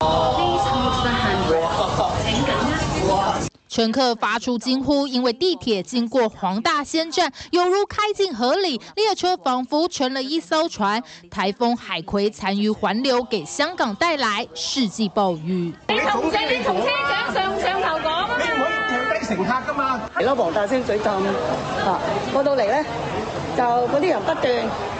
哦、乘客發出驚呼，因為地鐵經過黃大仙站，有如開進河裏，列車仿佛成了一艘船。台風海葵殘餘環流給香港帶來世紀暴雨。你同車長上上頭講嗎？你唔可以停低、啊、乘客㗎嘛？嚟到黃大仙水浸、啊、我到嚟呢，就嗰啲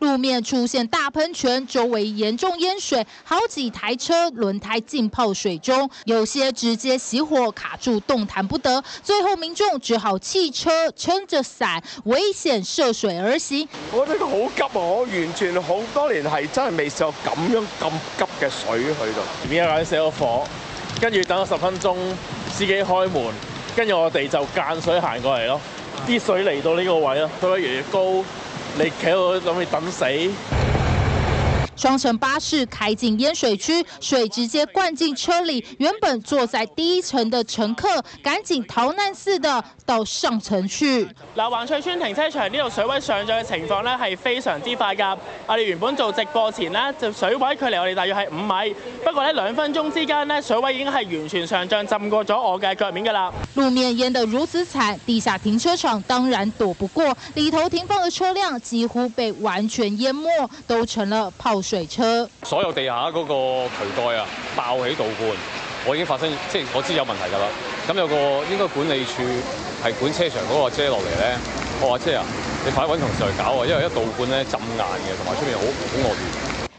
路面出現大噴泉，周圍嚴重淹水，好幾台車輪胎浸泡水中，有些直接熄火卡住，動彈不得。最後，民眾只好棄車，撐着傘，危險涉水而行。我覺得好急啊！我完全好多年係真係未試過咁樣咁急嘅水去到。邊個嗌熄咗火？跟住等咗十分鐘，司機開門，跟住我哋就間水行過嚟咯。啲水嚟到呢個位咯，佢越嚟越高。你企喺度諗，你等死。雙層巴士開進淹水區，水直接灌進車裡，原本坐在第一層的乘客趕緊逃難似的到上層去。嗱，環翠邨停車場呢度水位上漲嘅情況咧，係非常之快噶。我、啊、哋原本做直播前咧，就水位距離我哋大約係五米，不過咧兩分鐘之間咧，水位已經係完全上漲，浸過咗我嘅腳面噶啦。路面淹得如此慘，地下停車場當然躲不過，裏頭停放嘅車輛幾乎被完全淹沒，都成了泡水。水車，所有地下嗰個渠蓋啊爆起倒灌，我已經發生，即係我知有問題噶啦。咁有個應該管理處係管車場嗰個遮落嚟咧，我話遮啊，你快搵同事去搞啊，因為一倒灌咧浸硬嘅，同埋出面好好惡劣。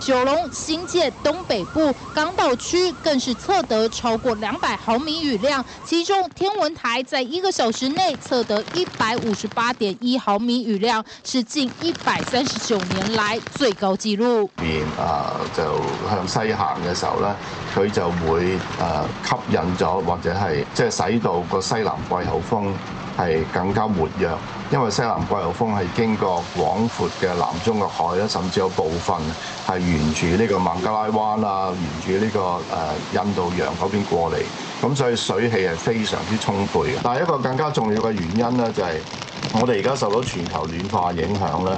九龍、新界東北部、港島區更是測得超過兩百毫米雨量，其中天文台在一個小時內測得一百五十八點一毫米雨量，是近一百三十九年來最高紀錄。面啊就向西行嘅時候咧，佢就會誒吸引咗或者係即係使到個西南季候風係更加活躍。因為西南季候風係經過廣闊嘅南中國海啦，甚至有部分係沿住呢個孟加拉灣啊，沿住呢個誒印度洋嗰邊過嚟，咁所以水氣係非常之充沛嘅。但係一個更加重要嘅原因咧，就係我哋而家受到全球暖化影響咧，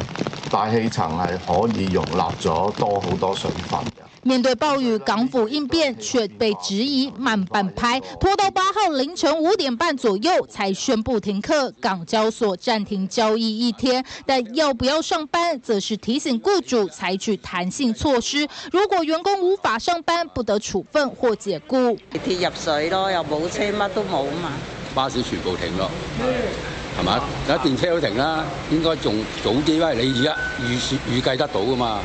大氣層係可以容納咗多好多水分。面對暴雨，港府應變卻被質疑慢半拍，拖到八號凌晨五點半左右才宣布停課，港交所暫停交易一天。但要不要上班，則是提醒雇主採取彈性措施，如果員工無法上班，不得處分或解雇。地鐵入水咯，又冇車，乜都冇嘛。巴士全部停咯，係嘛？而、嗯、家電車都停啦，應該仲早啲喂，你而家預算預，預計得到噶嘛？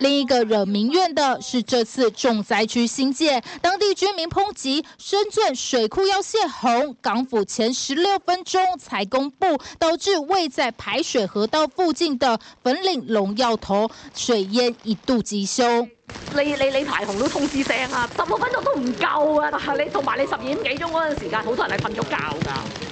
另一個惹民怨的是這次，重災區新界，當地居民抨擊深圳水庫要洩洪，港府前十六分鐘才公布，導致位在排水河道附近的粉嶺龍耀頭水淹一度急深。你你你，你排洪都通知聲啊，十五分鐘都唔夠啊！你同埋你十二點幾鐘嗰陣時間，好多人係瞓咗覺噶。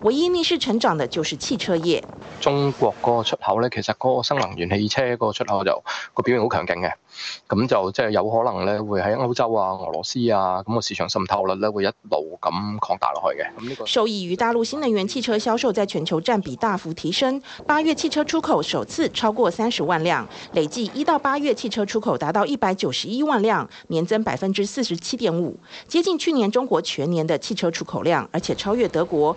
唯一逆勢成長的，就是汽車業。中國嗰個出口咧，其實個新能源汽車個出口就個表現好強勁嘅，咁就即係有可能咧會喺歐洲啊、俄羅斯啊咁個市場滲透率咧會一路咁擴大落去嘅。受益於大陸新能源汽車銷售在全球佔比大幅提升，八月汽車出口首次超過三十萬輛，累計一到八月汽車出口達到一百九十一萬輛，年增百分之四十七點五，接近去年中國全年的汽車出口量，而且超越德國。